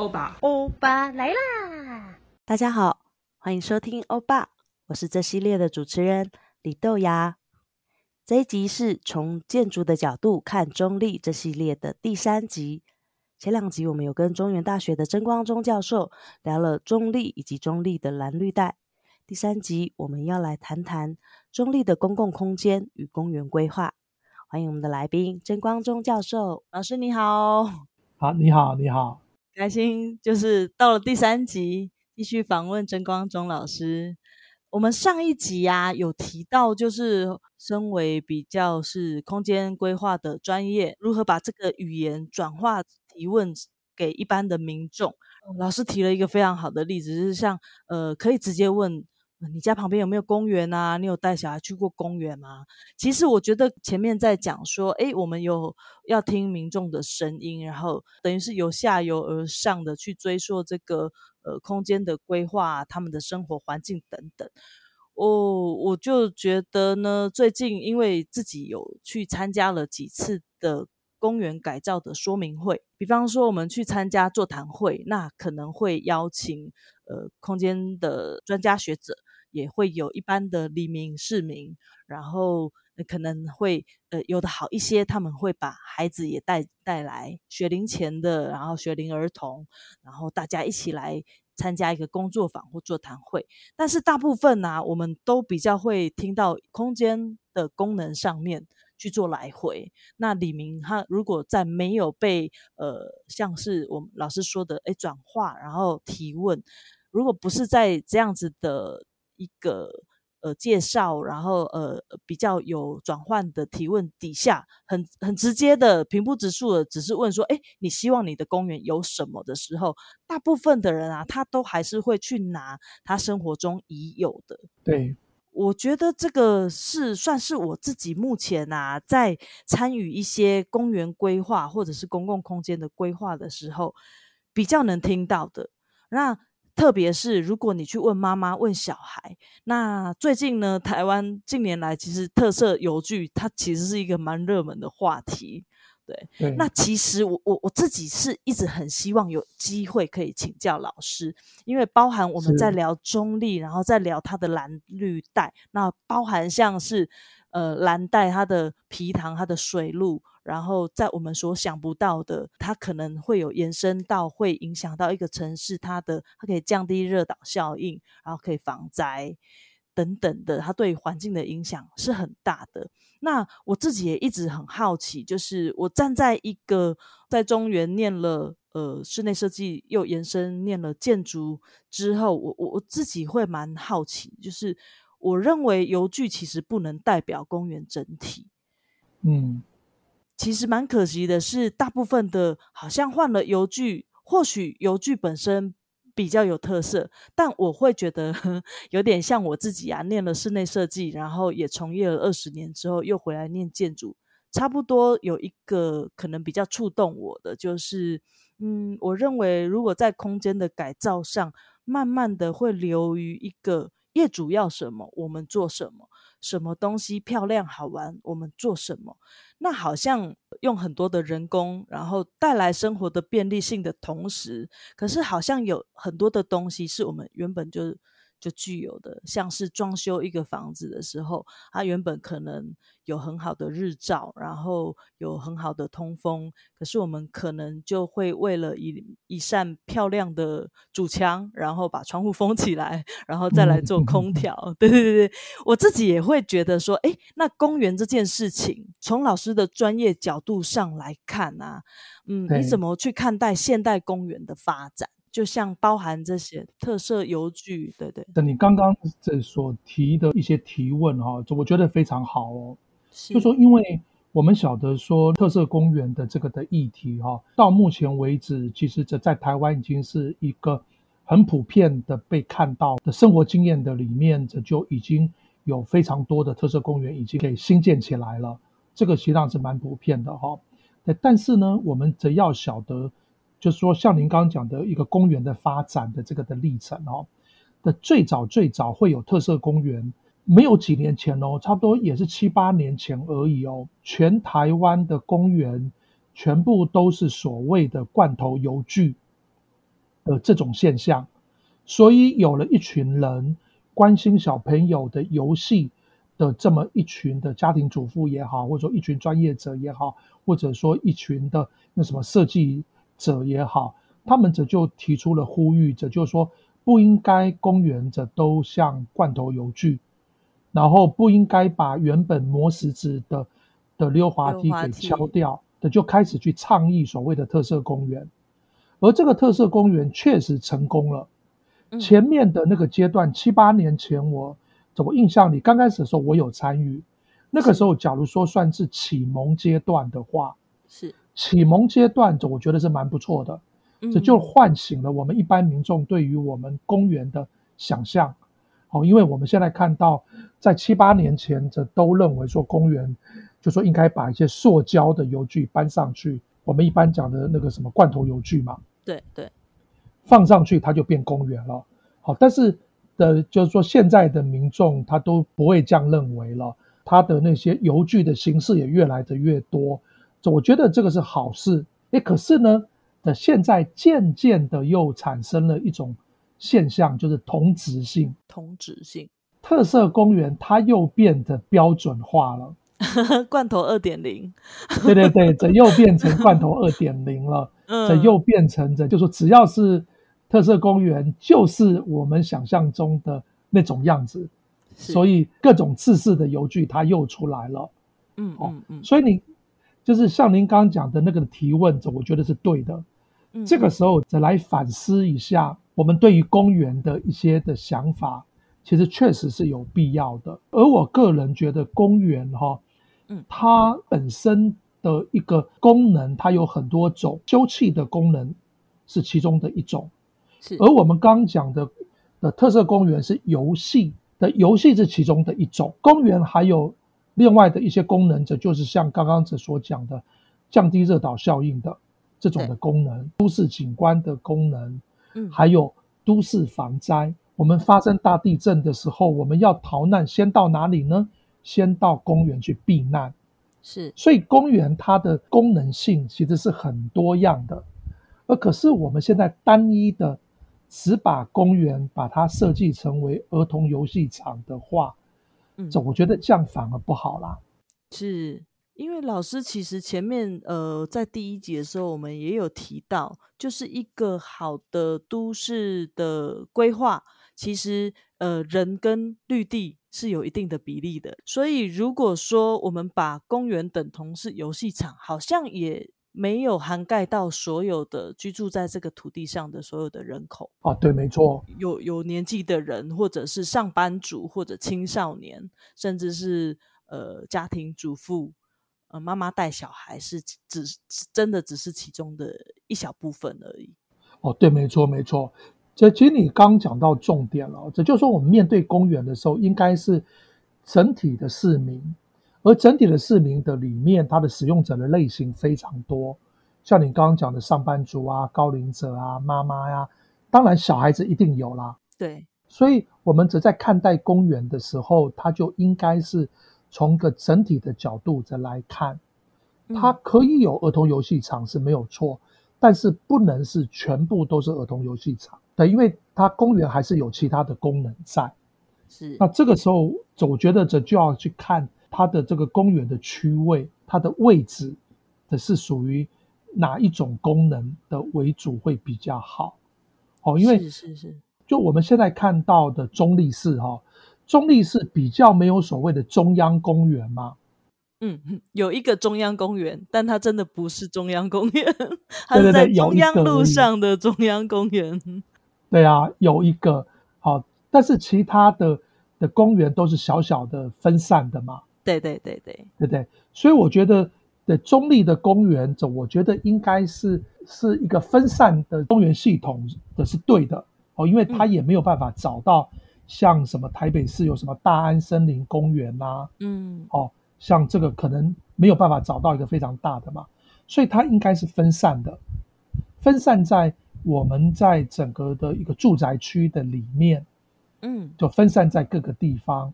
歐吧，歐吧來啦！大家好，歡迎收聽歐吧，我是這系列的主持人李荳芽。這一集是從建築的角度看中壢，這系列的第三集。前兩集我們有跟中原大學的曾光宗教授聊了中壢以及中壢的藍綠帶。第三集我們要來談談中壢的公共空間與公園規劃。歡迎我們的來賓曾光宗教授，老師你好。好、啊，你好，你好。開心就是到了第三集，繼續訪問曾光宗老師。我們上一集啊有提到，就是身為比較是空間規劃的專業，如何把這個語言轉化提問給一般的民眾。嗯，老師提了一個非常好的例子，是像呃可以直接問。你家旁邊有沒有公園啊？你有帶小孩去過公園嗎？其實我覺得前面在講說，誒、欸，我們有要聽民眾的聲音，然後等於是由下游而上的去追溯這個呃空間的規劃，他們的生活環境等等。哦，我就覺得呢，最近因為自己有去參加了幾次的公園改造的說明會，比方說我們去參加座談會，那可能會邀請呃空間的專家學者。也會有一般的里民市民，然後可能會呃有的好一些，他們會把孩子也帶帶來學齡前的，然後學齡兒童，然後大家一起來參加一個工作坊或座談會。但是大部分呢、啊，我們都比較會聽到空間的功能上面去做來回。那里民他如果在沒有被呃像是我們老師說的哎轉化，然後提問，如果不是在這樣子的。一個呃介紹，然後呃比較有轉換的提問底下，很很直接的平鋪直述的，只是問說，誒，你希望你的公園有什麼的時候，大部分的人啊，他都還是會去拿他生活中已有的。對，我覺得這個是算是我自己目前啊，在參與一些公園規劃或者是公共空間的規劃的時候，比較能聽到的。那。特別是如果你去問媽媽、問小孩，那最近呢？台灣近年來其實特色遊具，它其實是一個蠻熱門的話題。對，嗯、那其實我我我自己是一直很希望有機會可以請教老師，因為包含我們在聊中壢，是然後在聊它的藍綠帶，那包含像是呃藍帶它的埤塘、它的水路。然後，在我們所想不到的，它可能會有延伸到，會影響到一個城市，它的它可以降低熱島效應，然後可以防災等等的，它對環境的影響是很大的。那我自己也一直很好奇，就是我站在一個在中原念了呃室內設計，又延伸念了建築之後，我我自己會蠻好奇，就是我認為遊具其實不能代表公園整體。嗯。其實蠻可惜的是，大部分的好像換了遊具，或許遊具本身比較有特色，但我會覺得有點像我自己啊，念了室內設計，然後也從業了二十年之後又回來念建築，差不多有一個可能比較觸動我的就是，嗯，我認為如果在空間的改造上，慢慢的會流於一個業主要什麼，我們做什麼。什麼東西漂亮好玩，我們做什麼？那好像用很多的人工，然後帶來生活的便利性的同時，可是好像有很多的東西是我們原本就。就具有的，像是裝修一個房子的時候，它原本可能有很好的日照，然後有很好的通風，可是我們可能就會為了一一扇漂亮的主牆，然後把窗戶封起來，然後再來做空調。對、嗯、對對對，我自己也會覺得說，誒，那公園這件事情，從老師的專業角度上來看啊，嗯，對你怎麼去看待現代公園的發展？就像包含這些特色遊具，對對。那你剛剛這所提的一些提問哈，我覺得非常好哦。是就說，因為我們曉得說特色公園的這個的議題哈，到目前為止，其實這在台灣已經是一個很普遍的被看到的生活經驗的裡面，這就已經有非常多的特色公園已經給興建起來了。這個實際上是蠻普遍的哈。但是呢，我們只要曉得。就是說，像您剛剛講的一個公園的發展的這個的歷程哦，的最早最早會有特色公園，沒有幾年前哦，差不多也是七八年前而已哦。全台灣的公園全部都是所謂的罐頭遊具的這種現象，所以有了一群人關心小朋友的遊戲的這麼一群的家庭主婦也好，或者說一群專業者也好，或者說一群的那什麼設計。者也好，他們則就提出了呼籲，者就說不應該公園者都像罐頭遊具，然後不應該把原本磨石子的的溜滑梯給敲掉，的就開始去倡議所謂的特色公園。而這個特色公園確實成功了。前面的那個階段，七八、嗯、年前我我印象裡剛開始的時候我有參與。是那個時候，假如說算是啟蒙階段的話，是。是啟蒙階段，這我覺得是蠻不錯的，這就喚醒了我們一般民眾對於我們公園的想象。好，因為我們現在看到，在七八年前，這都認為說公園，就是說應該把一些塑膠的遊具搬上去。我們一般講的那個什麼罐頭遊具嘛，對對，放上去它就變公園了。好，但是的，就是說現在的民眾他都不會這樣認為了，他的那些遊具的形式也越來的越多。我覺得這個是好事，誒，可是呢，的現在漸漸的又產生了一種現象，就是同質性。同質性，特色公園它又變得標準化了， 罐頭二點零。對對對，這又變成罐頭二點零了。 嗯、這又變成這，就是、說只要是特色公園，就是我們想象中的那種樣子，是所以各種制式的遊具，它又出來了。嗯嗯嗯，哦、嗯所以你。就是像您剛剛講的那個提問，我我覺得是對的、嗯。這個時候再來反思一下，我們對於公園的一些的想法，其實確實是有必要的。而我個人覺得，公園哈、哦，它本身的一個功能，它有很多種，休憩的功能是其中的一種。而我們剛講的的特色公園是遊戲，的遊戲是其中的一種。公園還有另外的一些功能，這就是像剛剛這所講的，降低熱島效應的這種的功能，是都市景觀的功能，嗯、還有都市防災。我們發生大地震的時候，我們要逃難，先到哪裡呢？先到公園去避難。是，所以公園它的功能性其實是很多樣的。而可是我們現在單一的只把公園把它設計成為兒童遊戲場的話。嗯，這我覺得這樣反而不好啦。嗯、是因為老師其實前面呃在第一集的時候，我們也有提到，就是一個好的都市的規劃，其實呃人跟綠地是有一定的比例的。所以如果說我們把公園等同是遊戲場，好像也。沒有涵蓋到所有的居住在這個土地上的所有的人口啊。對，沒錯，有有年紀的人，或者是上班族，或者青少年，甚至是呃家庭主婦、呃，媽媽帶小孩是只是真的只是其中的一小部分而已。哦，對，沒錯，沒錯。這其實你剛剛講到重點了，這就是說我們面對公園的時候，應該是整體的市民。而整體的市民的裡面，它的使用者的類型非常多，像你剛剛講的上班族啊、高齡者啊、媽媽呀、啊，當然小孩子一定有啦。對，所以我們只在看待公園的時候，它就應該是從個整體的角度再來看，它可以有兒童遊戲場是沒有錯，嗯、但是不能是全部都是兒童遊戲場。對，因為它公園還是有其他的功能在。是，那這個時候，嗯、我覺得這就要去看。它的這個公園的區位，它的位置的是屬於哪一種功能的為主會比較好？哦，因為是是是，就我們現在看到的中壢市哈、哦，中壢市比較沒有所謂的中央公園嘛？嗯，有一個中央公園，但它真的不是中央公園，它是在中央路上的中央公園。對、對、對，嗯、對啊，有一個好、哦，但是其他的的公園都是小小的分散的嘛。對對對對對對，所以我覺得的中壢的公園，這我覺得應該是是一個分散的公園系統的是對的哦，因為他也沒有辦法找到像什麼台北市有什麼大安森林公園啊，嗯，哦，像這個可能沒有辦法找到一個非常大的嘛，所以它應該是分散的，分散在我們在整個的一個住宅區的裡面，嗯，就分散在各個地方。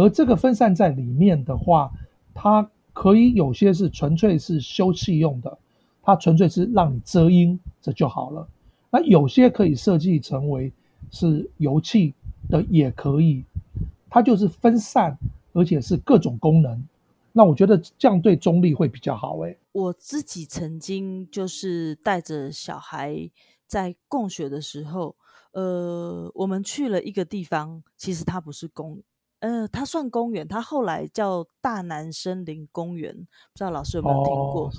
而這個分散在裡面的話，它可以有些是純粹是休憩用的，它純粹是讓你遮陰這就好了。那有些可以設計成為是遊憩的也可以，它就是分散，而且是各種功能。那我覺得這樣對中壢會比較好誒。我自己曾經就是帶着小孩在共學的時候，呃，我們去了一個地方，其實它不是公。呃，它算公園，它後來叫大南森林公園，不知道老師有沒有聽過？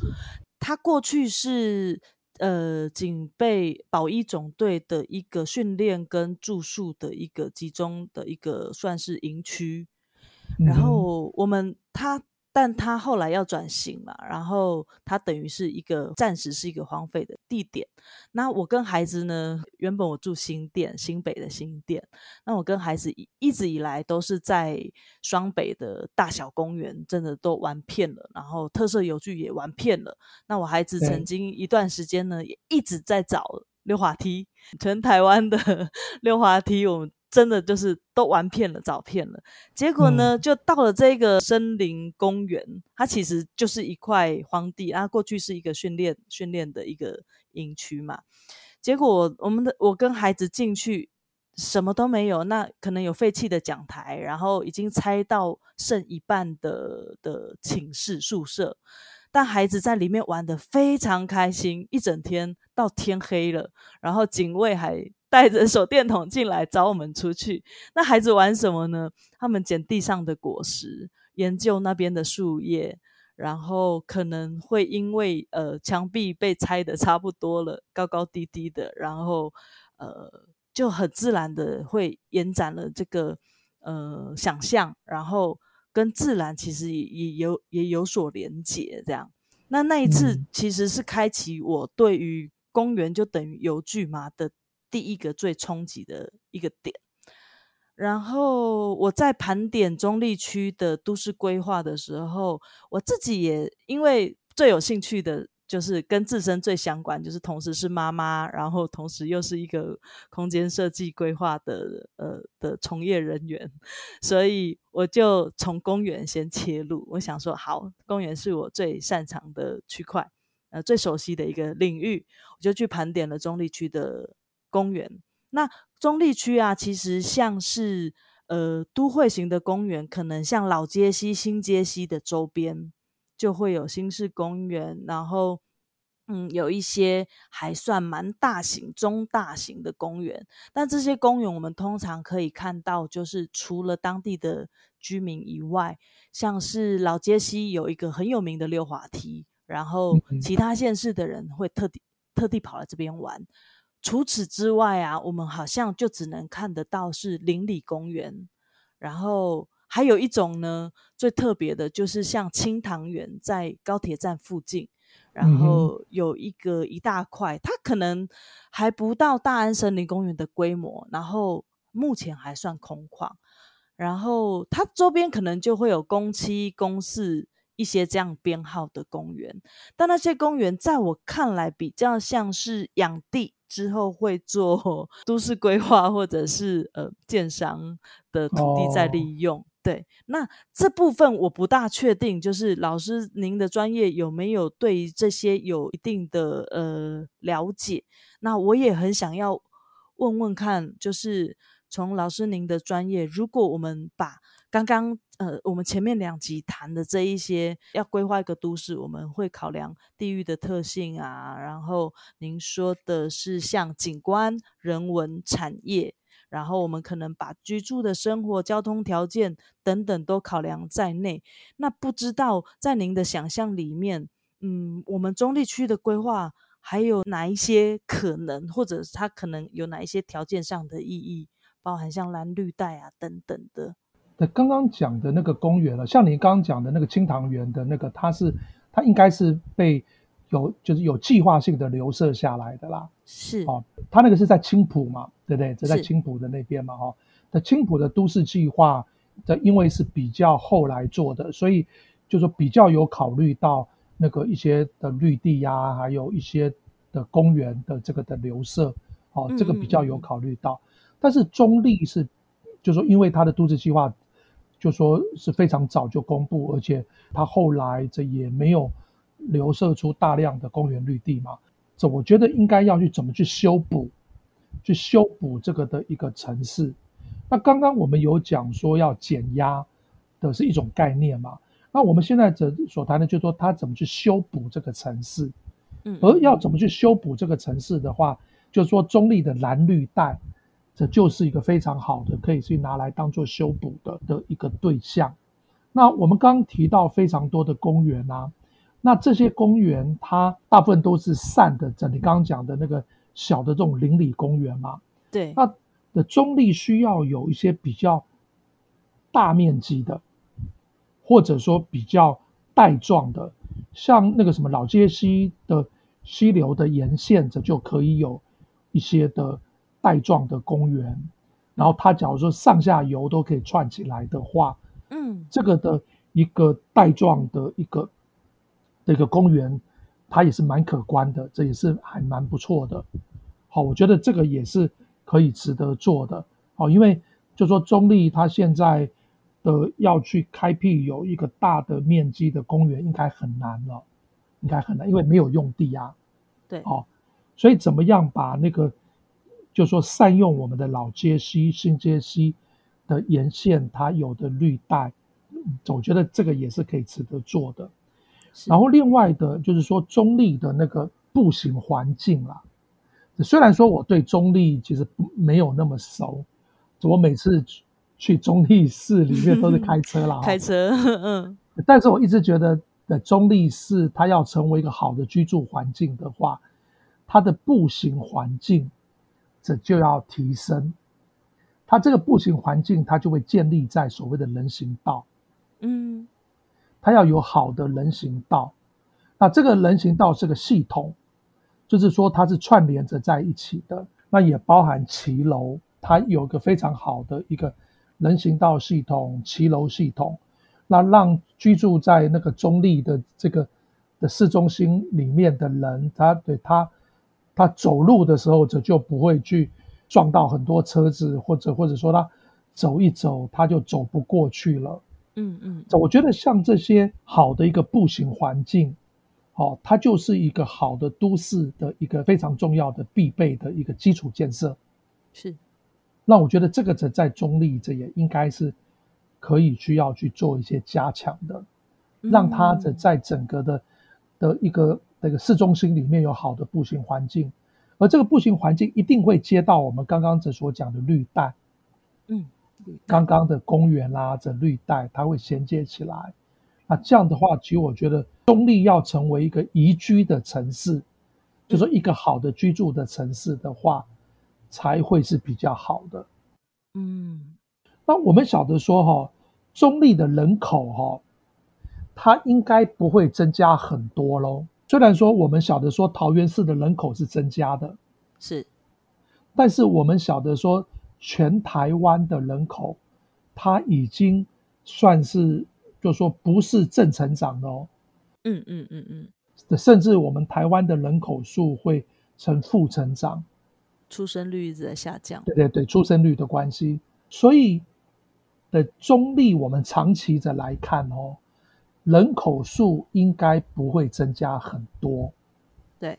它、哦、過去是呃警備保一總隊的一個訓練跟住宿的一個集中的一個算是營區，嗯、哼然後我們它。但他後來要轉型嘛，然後他等於是一個暫時是一個荒廢的地點。那我跟孩子呢，原本我住新店，新北的新店。那我跟孩子一直以來都是在雙北的大小公園，真的都玩遍了，然後特色遊具也玩遍了。那我孩子曾經一段時間呢，也一直在找溜滑梯，全台灣的溜滑梯我們真的就是都玩遍了，找遍了，結果呢，就到了這個森林公園，嗯、它其實就是一塊荒地啊，它過去是一個訓練訓練的一個營區嘛。結果我我們的我跟孩子進去，什麼都沒有，那可能有廢棄的講台，然後已經拆到剩一半的的寢室宿舍，但孩子在裡面玩得非常開心，一整天到天黑了，然後警衛還。帶着手電筒進來找我們出去。那孩子玩什麼呢？他們撿地上的果實，研究那邊的樹葉，然後可能會因為呃牆壁被拆得差不多了，高高低低的，然後呃就很自然的會延展了這個呃想象，然後跟自然其實也也有也有所連結。這樣，那那一次其實是開啟我對於公園就等於遊具嘛的。第一個最衝擊的一個點，然後我在盤點中壢區的都市規劃的時候，我自己也因為最有興趣的就是跟自身最相關，就是同時是媽媽，然後同時又是一個空間設計規劃的呃的從業人員，所以我就從公園先切入。我想說，好，公園是我最擅長的區塊，呃，最熟悉的一個領域，我就去盤點了中壢區的公園，那中壢區啊，其實像是呃都會型的公園，可能像老街溪、新街溪的周邊就會有新勢公園，然後嗯有一些還算蠻大型、中大型的公園。但這些公園我們通常可以看到，就是除了當地的居民以外，像是老街溪有一個很有名的溜滑梯，然後其他縣市的人會特地特地跑來這邊玩。除此之外啊，我們好像就只能看得到是鄰里公園，然後還有一種呢，最特別的就是像青塘園，在高鐵站附近，然後有一個一大塊，嗯、哼它可能還不到大安森林公園的規模，然後目前還算空曠，然後它周邊可能就會有公七、公四一些這樣編號的公園，但那些公園在我看來比較像是養地。之後會做都市規劃，或者是呃建商的土地再利用，oh. 對，那這部分我不大確定，就是老師您的專業有沒有對這些有一定的呃了解？那我也很想要問問看，就是。從老師您的專業，如果我們把剛剛呃我們前面兩集談的這一些，要規劃一個都市，我們會考量地域的特性啊，然後您說的是像景觀、人文、產業，然後我們可能把居住的生活、交通條件等等都考量在內。那不知道在您的想象裡面，嗯，我們中壢區的規劃還有哪一些可能，或者它可能有哪一些條件上的意義？包含像藍綠帶啊等等的。剛剛講的那個公園了，啊，像你剛剛講的那個青塘園的那個，它是它應該是被有就是有計劃性的留設下來的啦。是哦，它那個是在青浦嘛，對不對？在青浦的那邊嘛，哈是。那青浦的都市計劃的，因為是比較後來做的，所以就是說比較有考慮到那個一些的綠地呀，啊，還有一些的公園的這個的留設，哦，嗯嗯這個比較有考慮到。但是中壢是，就是說因為他的都市計劃，就是說是非常早就公布，而且他後來這也沒有留設出大量的公園綠地嘛。這我覺得應該要去怎麼去修補，去修補這個的一個城市。那剛剛我們有講說要減壓的是一種概念嘛。那我們現在則所談的就是說他怎麼去修補這個城市，嗯，而要怎麼去修補這個城市的話，就是說中壢的藍綠帶。這就是一個非常好的，可以去拿來當做修補的的一個對象。那我們剛剛提到非常多的公園啊，那這些公園它大部分都是散的，像你剛剛講的那個小的這種鄰里公園嘛。對。它的中壢需要有一些比較大面積的，或者說比較帶狀的，像那個什麼老街溪的溪流的沿線，這就可以有一些的。帶狀的公園，然後它假如說上下游都可以串起來的話，嗯，這個的一個帶狀的一個這個公園，它也是蠻可觀的，這也是還蠻不錯的。好，我覺得這個也是可以值得做的。好、哦，因為就說中壢，他現在的要去開闢有一個大的面積的公園，應該很難了，應該很難，因為沒有用地啊。嗯、對，哦，所以怎麼樣把那個？就說善用我們的老街溪、新街溪的沿線，它有的綠帶，我覺得這個也是可以值得做的。是然後另外的，就是說中壢的那個步行環境啦。雖然說我對中壢其實沒有那麼熟，我每次去中壢市裡面都是開車啦，嗯、開車。嗯。但是我一直覺得的中壢市，它要成為一個好的居住環境的話，它的步行環境。這就要提升，它這個步行環境，它就會建立在所謂的人行道，嗯，它要有好的人行道。那這個人行道是個系統，就是說它是串聯着在一起的。那也包含騎樓，它有個非常好的一個人行道系統、騎樓系統，那讓居住在那個中壢的這個的市中心裡面的人，他對他。他走路的時候，這就不會去撞到很多車子，或者或者說他走一走，他就走不過去了。嗯嗯，嗯我覺得像這些好的一個步行環境，哦，它就是一個好的都市的一個非常重要的必備的一個基礎建設。是，那我覺得這個在在中壢這也應該是可以需要去做一些加強的，讓他在整個的、嗯、的一個。那個市中心裡面有好的步行環境，而這個步行環境一定會接到我們剛剛所講的綠帶，嗯，剛剛的公園啦、啊，這綠帶它會銜接起來。那這樣的話，其實我覺得中壢要成為一個宜居的城市，就是、說一個好的居住的城市的話，才會是比較好的。嗯，那我們曉得說哈、哦，中壢的人口哈、哦，它應該不會增加很多咯。雖然說我們曉得說桃園市的人口是增加的，是，但是我們曉得說全台灣的人口，它已經算是就說不是正成長了哦。嗯嗯嗯嗯，嗯嗯嗯，甚至我們台灣的人口數會呈負成長，出生率一直在下降。對對對，出生率的關係，所以的中壢，我們長期的來看哦。人口數應該不會增加很多，對，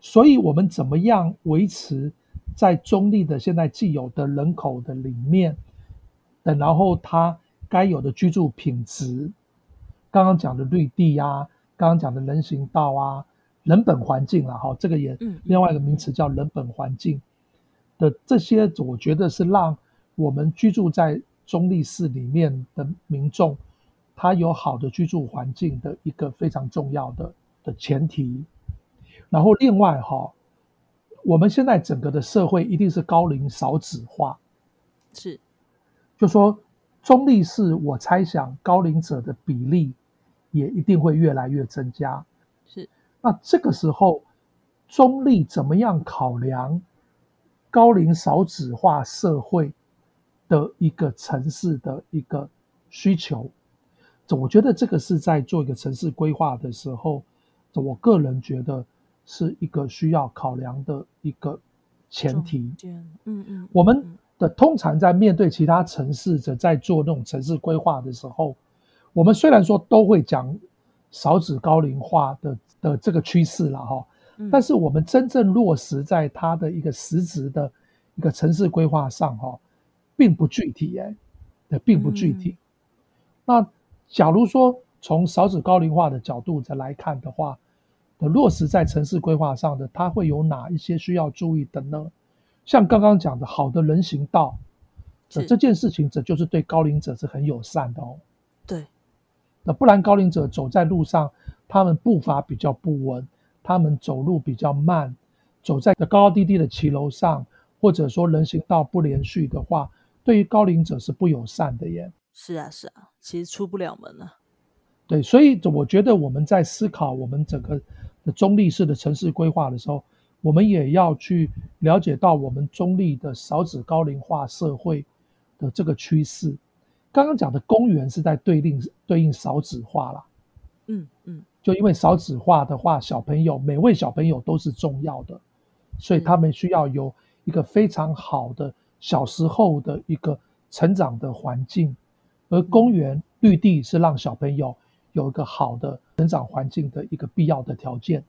所以我們怎麼樣維持在中壢的現在既有的人口的裡面，等然後它該有的居住品質，剛剛講的綠地啊，剛剛講的人行道啊，人本環境了哈，這個也另外一個名詞叫人本環境的這些，我覺得是讓我們居住在中壢市裡面的民眾。他有好的居住環境的一個非常重要的的前提，然後另外哈、哦，我們現在整個的社會一定是高齡少子化，是，就說中壢市我猜想高齡者的比例也一定會越來越增加，是。那這個時候中壢怎麼樣考量高齡少子化社會的一個城市的一個需求？我覺得這個是在做一個城市規劃的時候，我個人覺得是一個需要考量的一個前提。嗯嗯，嗯，我們的通常在面對其他城市者在做那種城市規劃的時候，我們雖然說都會講少子高齡化的的這個趨勢了哈、哦，但是我們真正落實在它的一個實質的一個城市規劃上哈、哦，並不具體哎，也並不具體。嗯、那假如說從少子高齡化的角度來看的話，落實在城市規劃上的，它會有哪一些需要注意的呢？像剛剛講的，好的人行道，是這件事情這就是對高齡者是很友善的哦。對，那不然高齡者走在路上，他們步伐比較不穩，他們走路比較慢，走在高高低低的騎樓上，或者說人行道不連續的話，對於高齡者是不友善的耶。是啊，是啊，其實出不了門了。對，所以我覺得我們在思考我們整個的中壢市的城市規劃的時候，我們也要去了解到我們中壢的少子高齡化社會的這個趨勢。剛剛講的公園是在對應對應少子化啦、嗯。嗯嗯，就因為少子化的話，小朋友每位小朋友都是重要的，所以他們需要有一個非常好的小時候的一個成長的環境。而公園綠地是讓小朋友有一個好的成長環境的一個必要的條件，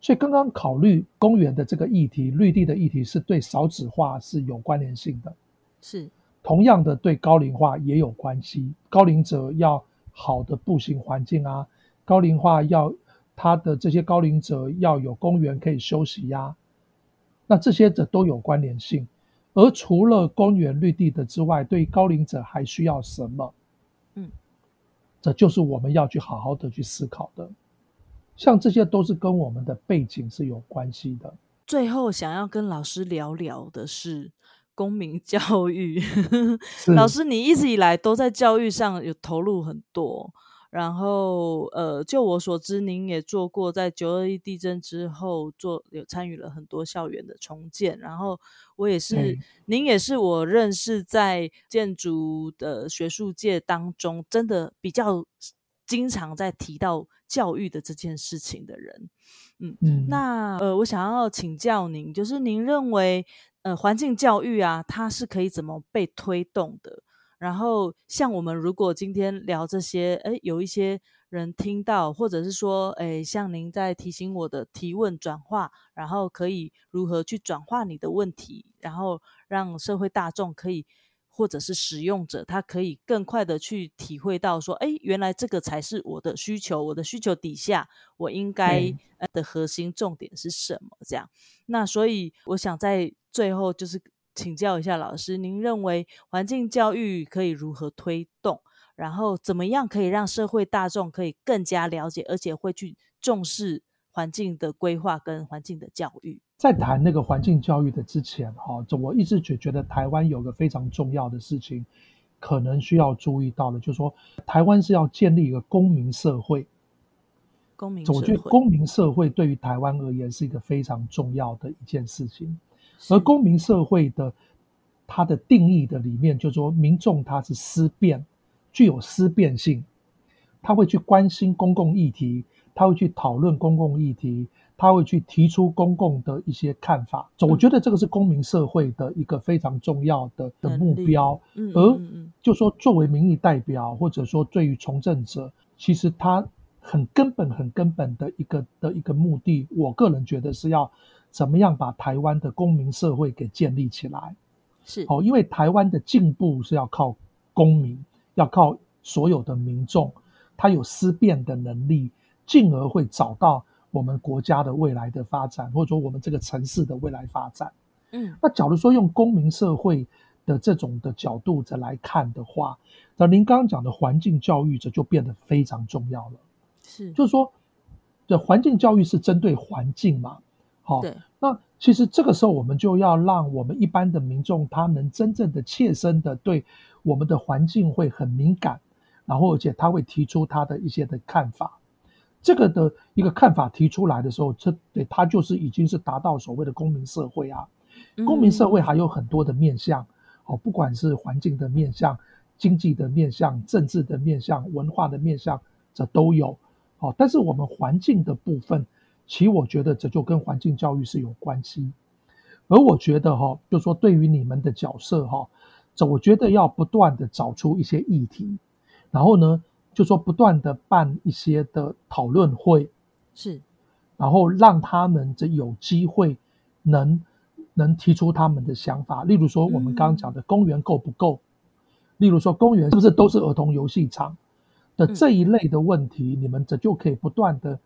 所以剛剛考慮公園的這個議題、綠地的議題是對少子化是有關聯性的，是同樣的對高齡化也有關係。高齡者要好的步行環境啊，高齡化要他的這些高齡者要有公園可以休息呀、啊，那這些的都有關聯性。而除了公園綠地的之外，對於高齡者還需要什麼？嗯，這就是我們要去好好的去思考的，像這些都是跟我們的背景是有關係的。最後想要跟老師聊聊的是公民教育， 是老師，你一直以來都在教育上有投入很多。然後，呃，就我所知，您也做過在九二一地震之後做有參與了很多校園的重建。然後，我也是，哎、您也是我認識在建築的學術界當中，真的比較經常在提到教育的這件事情的人。嗯嗯，那呃，我想要請教您，就是您認為呃，環境教育啊，它是可以怎麼被推動的？然後，像我們如果今天聊這些，誒，有一些人聽到，或者是說，誒，像您在提醒我的提問轉化，然後可以如何去轉化你的問題，然後讓社會大眾可以，或者是使用者，他可以更快的去體會到，說，誒，原來這個才是我的需求，我的需求底下，我應該呃的核心重點是什麼？這樣。那所以，我想在最後就是。請教一下老師，您認為環境教育可以如何推動？然後怎麼樣可以讓社會大眾可以更加了解，而且會去重視環境的規劃跟環境的教育？在談那個環境教育的之前，哈，我我一直覺覺得台灣有個非常重要的事情，可能需要注意到的，就是說台灣是要建立一個公民社會。公民社會，我覺得公民社會對於台灣而言是一個非常重要的一件事情。而公民社會的它的定義的裡面就是，就說民眾他是思辨，具有思辨性，他會去關心公共議題，他會去討論公共議題，他會去提出公共的一些看法。嗯、我覺得這個是公民社會的一個非常重要的的目標。嗯、而就說作為民意代表，或者說對於從政者，其實他很根本、很根本的一個的一個目的，我個人覺得是要。怎麼樣把台灣的公民社會給建立起來？是哦，因為台灣的進步是要靠公民，要靠所有的民眾，他有思辨的能力，進而會找到我們國家的未來的發展，或者說我們這個城市的未來發展。嗯，那假如說用公民社會的這種的角度再來看的話，那您剛剛講的環境教育這就變得非常重要了。是，就是說，這環境教育是針對環境嘛？好，哦、對那其實這個時候我們就要讓我們一般的民眾，他能真正的切身的對我們的環境會很敏感，然後而且他會提出他的一些的看法。這個的一個看法提出來的時候，這對他就是已經是達到所謂的公民社會啊。公民社會還有很多的面向，嗯、哦，不管是環境的面向、經濟的面向、政治的面向、文化的面向，這都有、哦。但是我們環境的部分。其實我覺得這就跟環境教育是有關係，而我覺得哈、哦，就說對於你們的角色哈、哦，這我覺得要不斷的找出一些議題，然後呢，就說不斷的辦一些的討論會，是，然後讓他們這有機會能能提出他們的想法，例如說我們剛剛講的公園夠不夠，嗯、例如說公園是不是都是兒童遊戲場的、嗯、這一類的問題，你們這就可以不斷的。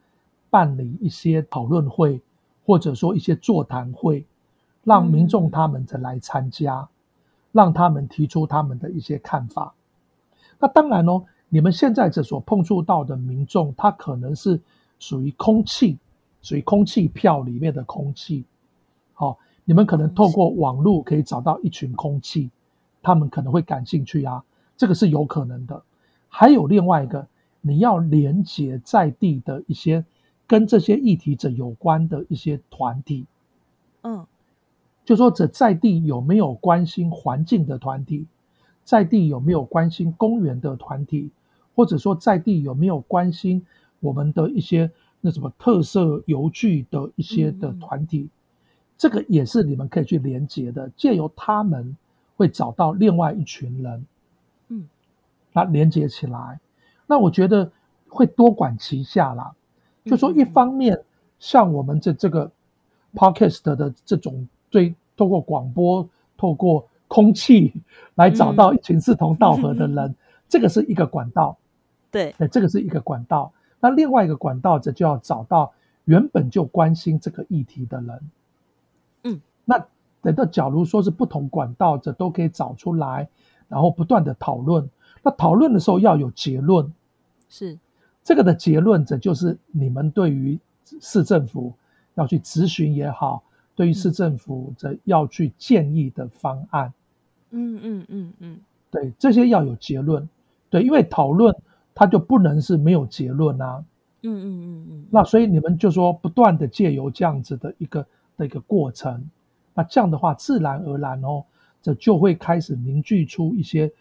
辦理一些討論會，或者說一些座談會，讓民眾他們來參加，讓他們提出他們的一些看法。那當然哦，你們現在這所碰觸到的民眾，他可能是屬於空氣，屬於空氣票裡面的空氣。哦，你們可能透過網絡可以找到一群空氣，他們可能會感興趣啊，這個是有可能的。還有另外一個，你要連接在地的一些。跟這些議題者有關的一些團體，嗯，就說這在地有沒有關心環境的團體，在地有沒有關心公園的團體，或者說在地有沒有關心我們的一些那什麼特色遊具的一些的團體，這個也是你們可以去連結的。藉由他們會找到另外一群人，嗯，那連結起來，那我覺得會多管齊下啦。就說一方面，像我們這、嗯、這個 podcast 的這種，對，透過廣播、透過空氣來找到一群志同道合的人，嗯、這個是一個管道。對，那這個是一個管道。那另外一個管道者就要找到原本就關心這個議題的人。嗯，那等到假如說是不同管道者都可以找出來，然後不斷的討論，那討論的時候要有結論。是。這個的結論，這就是你們對於市政府要去諮詢也好，對於市政府這要去建議的方案，嗯嗯嗯嗯，嗯嗯嗯對，這些要有結論，對，因為討論它就不能是沒有結論啊，嗯嗯嗯嗯，嗯嗯嗯那所以你們就說不斷的借由這樣子的一個的一個過程，那這樣的話，自然而然哦，這就會開始凝聚出一些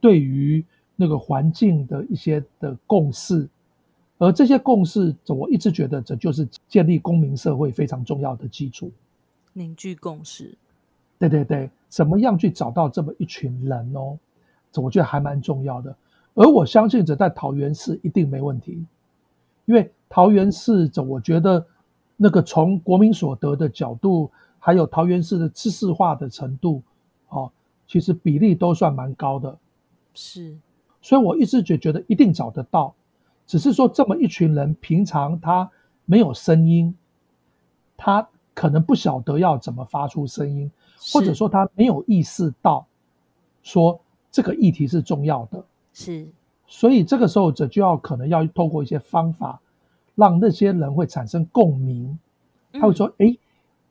對於那個環境的一些的共識。而這些共識，我一直覺得這就是建立公民社會非常重要的基礎，凝聚共識。對對對，怎麼樣去找到這麼一群人哦？這我覺得還蠻重要的。而我相信，這在桃園市一定沒問題，因為桃園市這我覺得那個從國民所得的角度，還有桃園市的知識化的程度，哦，其實比例都算蠻高的。是，所以我一直就覺得一定找得到。只是說這麼一群人，平常他沒有聲音，他可能不曉得要怎麼發出聲音，是或者說他沒有意識到說這個議題是重要的，是。所以這個時候，這就要可能要透過一些方法，讓那些人會產生共鳴。嗯、他會說：“誒，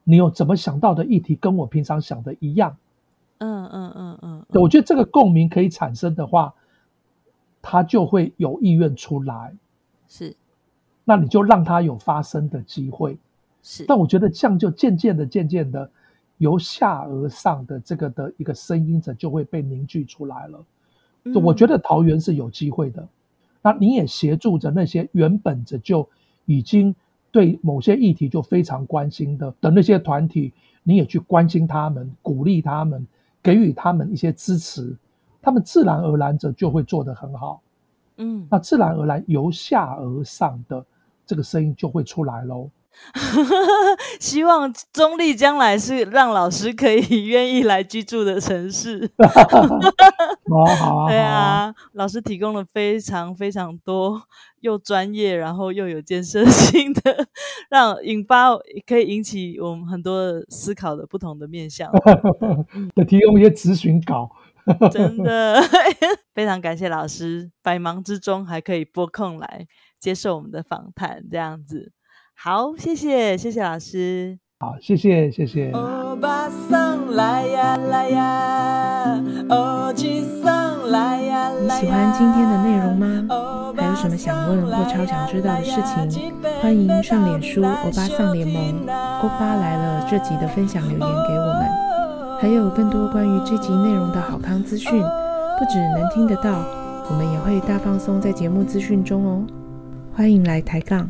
你有怎麼想到的議題，跟我平常想的一樣。嗯”嗯嗯嗯嗯。我覺得這個共鳴可以產生的話。他就會有意願出來，是，那你就讓他有發聲的機會，是。但我覺得這樣就漸漸的、漸漸的由下而上的這個的一個聲音者就會被凝聚出來了。嗯、就我覺得桃園是有機會的。那你也協助着那些原本著就已經對某些議題就非常關心的的那些團體，你也去關心他們，鼓勵他們，給予他們一些支持。他們自然而然者就會做得很好，嗯，那自然而然由下而上的這個聲音就會出來咯。 希望中壢將來是讓老師可以願意來居住的城市。哇、 哦，好啊對啊，啊老師提供了非常非常多又專業，然後又有建設性的，讓引發可以引起我們很多思考的不同的面向。的 提供一些諮詢稿。 真的，非常感謝老師，百忙之中還可以撥空來接受我們的訪談，這樣子，好，謝謝，謝謝老師，好，謝謝，謝謝。歐巴桑來呀來呀，歐吉桑來呀來呀。你喜歡今天的內容嗎？還有什麼想問或超想知道的事情？歡迎上臉書歐巴桑聯盟，歐巴來了這集的分享留言給我們。還有更多關於這集內容的好康資訊，不只能聽得到，我們也會大放送在節目資訊中哦，歡迎來抬槓。